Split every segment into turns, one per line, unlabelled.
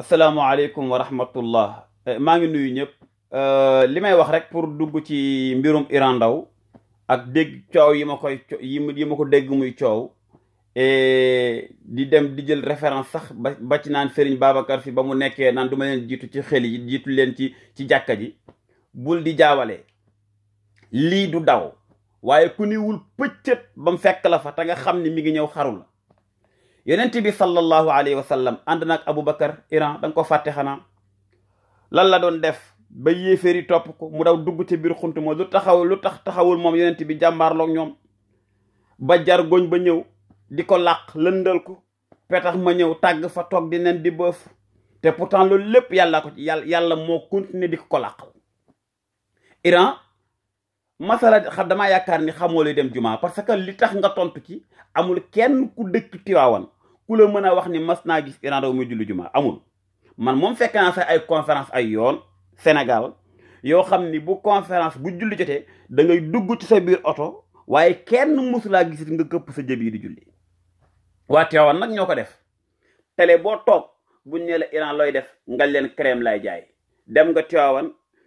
asalaamaaleykum wa rahmatullah eh, maa ngi nuyu ñëpp eh, li may wax rek pour dugg ci mbirum Iran Ndao ak dégg coow yi ma koy yi ma ko dégg muy coow eh, di dem di jël référence sax ba ba ci naan Serigne Babacar si ba mu nekkee naan du ma leen jiitu ci xel yi jiitu leen ci ci jàkka ji bul di jaawale lii du daw waaye ku niwul pëccët ba mu fekk la fa te xam ni mi ngi ñëw xarul yonent bi sallallahu alayhi wa sallam ànd nag Aboubacar Iran da nga ko fàtte xanaa lan la doon def ba yéeféeri topp ko mu daw dugg ci biir xunt moom lu taxaw lu tax taxawul moom yonent bi jàmbaarloog ñoom ba jar goñ ba ñëw di ko làq lëndal ko petax ma ñëw tàgg fa toog di nen di te pourtant loolu lépp yàlla ko ci yàlla yàlla moo continuer di ko ko Iran masala xam damaa yaakaar ni xamoo lay dem jumaa parce que li tax nga tontu ci amul kenn ku dëkk Tiwaawan ku la mën a wax ni mas naa gis Iran Ndao muy julli jumaa amul man moom fekk naa sax ay conférence ay yoon Sénégal yoo xam ni bu conférence bu julli jotee da ngay dugg ci sa biir oto waaye kenn mosulaa gisit nga këpp sa jëb yi di julli waa Tiwaawan nag ñoo ko def télé boo toog buñ ne la Iran looy def nga leen crème lay jaay dem nga Tiwaawan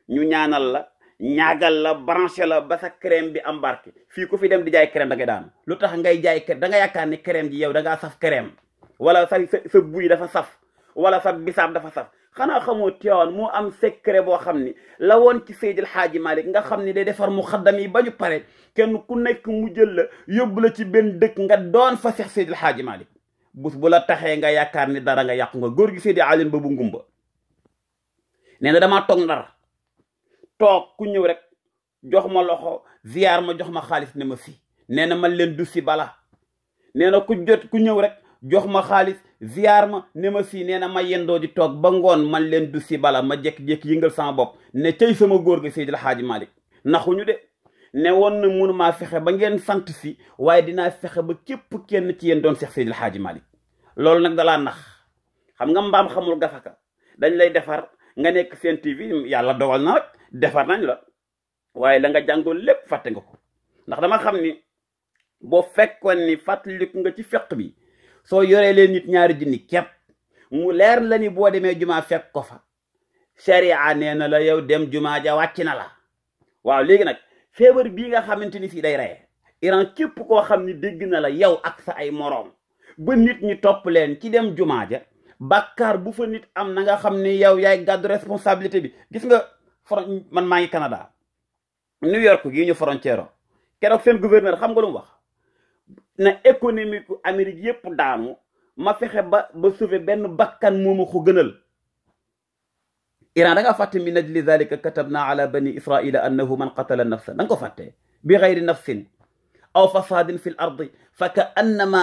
ñu ñaanal la ñaagal la branché la ba sa crème bi embarqué fii ku fi dem di jaay crème da ngay daanu lu tax ngay jaay crème danga nga yaakaar ni crème ji yow da ngaa saf crème wala sa sa buy dafa saf wala sa bisaab dafa saf xanaa xamoo Tiwaawan moo am secret boo xam ni la woon ci Seydil Xaaji Malik nga xam ni day defar mu xaddam yi ba ñu pare kenn ku nekk mu jël la yóbbu la ci benn dëkk nga doon fa seex Seydil Xaaji Malik bus bu la taxee nga yaakaar ni dara nga yàqu nga góor gi Seydi Alin ba bu ngumba nee na toog ku ñëw rek jox ma loxo ziar ma jox ma xaalis ne ma si nee na man leen du si bala nee na ku jot ku ñëw rek jox ma xaalis ziar ma ne ma si nee na ma yendoo di toog ba ngoon man leen du si bala ma jékki-jékki yëngal sama bopp ne cay sama góor gi Seydil Xaaji Malick ñu de ne woon na mënumaa fexe ba ngeen sant si waaye dinaa fexe ba képp kenn ci yéen doon seex Seydil Xaaji Malick loolu nag dalaa nax xam nga mbaam xamul gafaka dañ lay defar nga nekk seen TV yàlla dogal defar nañ la waaye la nga jàngoon lépp fàtte nga ko ndax dama xam ni boo fekkoon ni fàttaliku nga ci feq bi soo yoree leen nit ñaari junni képp mu leer la ni boo demee jumaa fekk ko fa sariya nee na la yow dem jumaa ja wàcc na la waaw léegi nag feebar bii nga xamante ni fii day reye Iran képp koo xam ni dégg na la yow ak sa ay moroom ba nit ñi topp leen ci dem jumaa ja bakkar bu fa nit am na nga xam ni yow yaay gàddu responsabilité bi foron man maa ngi Canada New York gii ñu frontière keroog seen gouverneur xam nga lu mu wax na économique Amérique yépp ma fexe ba ba sauver benn bakkan moomu ko gënal Iran da ngaa fàtte min ajli zalika katabna ala bani israila man qatala nafsan da nga ko aw fasaadin fi l fa ka annama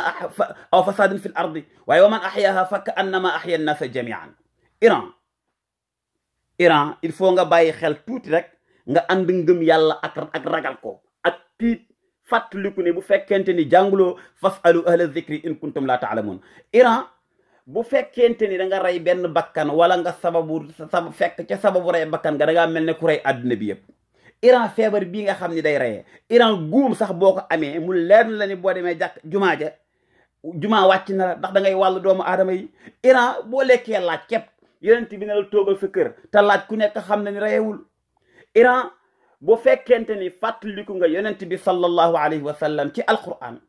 aw fasaadin fi l ardi wa man axyaaha fa ka annama axya annaasa Iran il faut nga bàyyi xel tuuti rek nga ànd ngëm yàlla ak ak ragal ko ak tiit fàttaliku ne bu fekkente ni jànguloo fasalu ahla zikri in kuntum laa taalamun Iran bu fekkente ni da nga rey benn bakkan wala nga sababu sabab fekk ca sababu rey bakkan nga da mel ne ku rey àdduna bi yëpp Iran feebar bii nga xam ni day reyee Iran guum sax boo ko amee mu leer la ni boo demee jàkk jumaa ja jumaa wàcc na la ndax da wàllu doomu aadama yi Iran boo lekkee laaj képp yonent bi na la toogal fa kër laaj ku nekk xam na ni reyewul Iran bu fekkente ni fàttaliku nga yonent bi sallallahu alayhi wa sallam ci alquran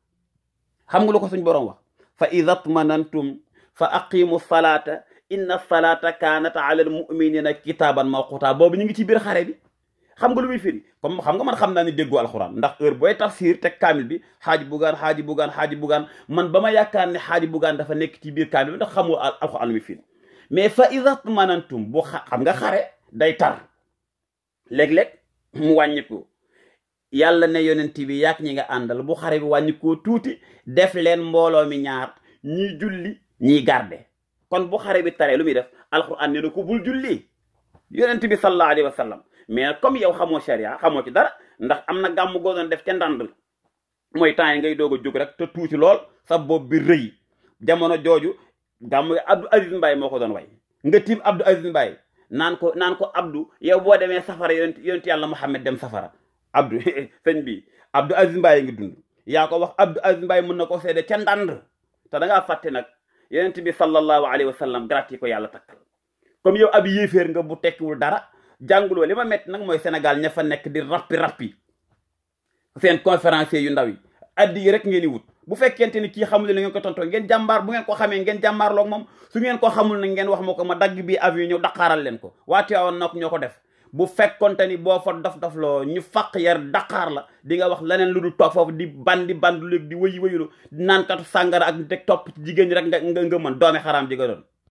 xam nga lu ko suñ borom wax fa ida tmanantum fa aqimu salaata inna salaata kaanat ala almuminina kitaaban mawquta boobu ñu ngi ci biir xare bi xam nga lu muy firi comme xam nga man xam naa ni déggu alxuraan ndax heure booy tafsir teg kaamil bi xaaji bugaan xaaji bugaan xaaji bugaan man ba ma yaakaar ne xaaji bugaan dafa nekk ci biir kaamil bi ndax xamoo alxuraan mi firi mais fa idat manantum bu xam nga xare day tar léeg-léeg mu wàññiku yàlla ne yonent bi yàgg ñi nga àndal bu xare bi wàññikoo tuuti def leen mbooloo mi ñaar ñii julli ñii garde kon bu xare bi tare lu muy def alquran ne na ko bul julli yonent bi sallallahu alayhi wa sallam mais comme yow xamoo sharia xamoo ci dara ndax am na gàmm goo doon def ca ndand mooy temps yi ngay doog a jóg rek te tuuti lool sa bopp bi rëy jamono jooju gàmmu Abdou Aziz Mbaye moo ko doon way nga tiim Abdou Aziz Mbaye naan ko naan ko Abdou yow boo demee safara yonent yonent yàlla Muhammad dem safara Abdou sëñ bi Abdou Aziz Mbaye ngi dund yaa ko wax Abdou Aziz Mbaye mën na ko seede ca ndànd te da ngaa fàtte nag yonent bi sallallahu alayhi wa sallam grat yi ko yàlla takkal comme yow ab yéeféer nga bu tekkiwul dara jànguloo li ma metti nag mooy Sénégal ña fa nekk di rappi rappi seen conférencier yu ndaw yi addi yi rek ngeen di wut bu fekkente ni kii xamul li ngeen ko tontoo ngeen jàmbaar bu ngeen ko xamee ngeen jàmbaarloog moom su ngeen ko xamul nag ngeen wax ma ko ma dagg bi avion ñëw daqaaral leen ko waa Tiwaawan nag ñoo ko def bu fekkonte ni boo fa dof dof loo ñu faq yar daqaar la di nga wax leneen lu dul toog foofu di bandi bandi léegi di wëyu wëyulu naan kat sàngara ak teg topp jigéen ñi rek nga nga mën doome xaraam ji nga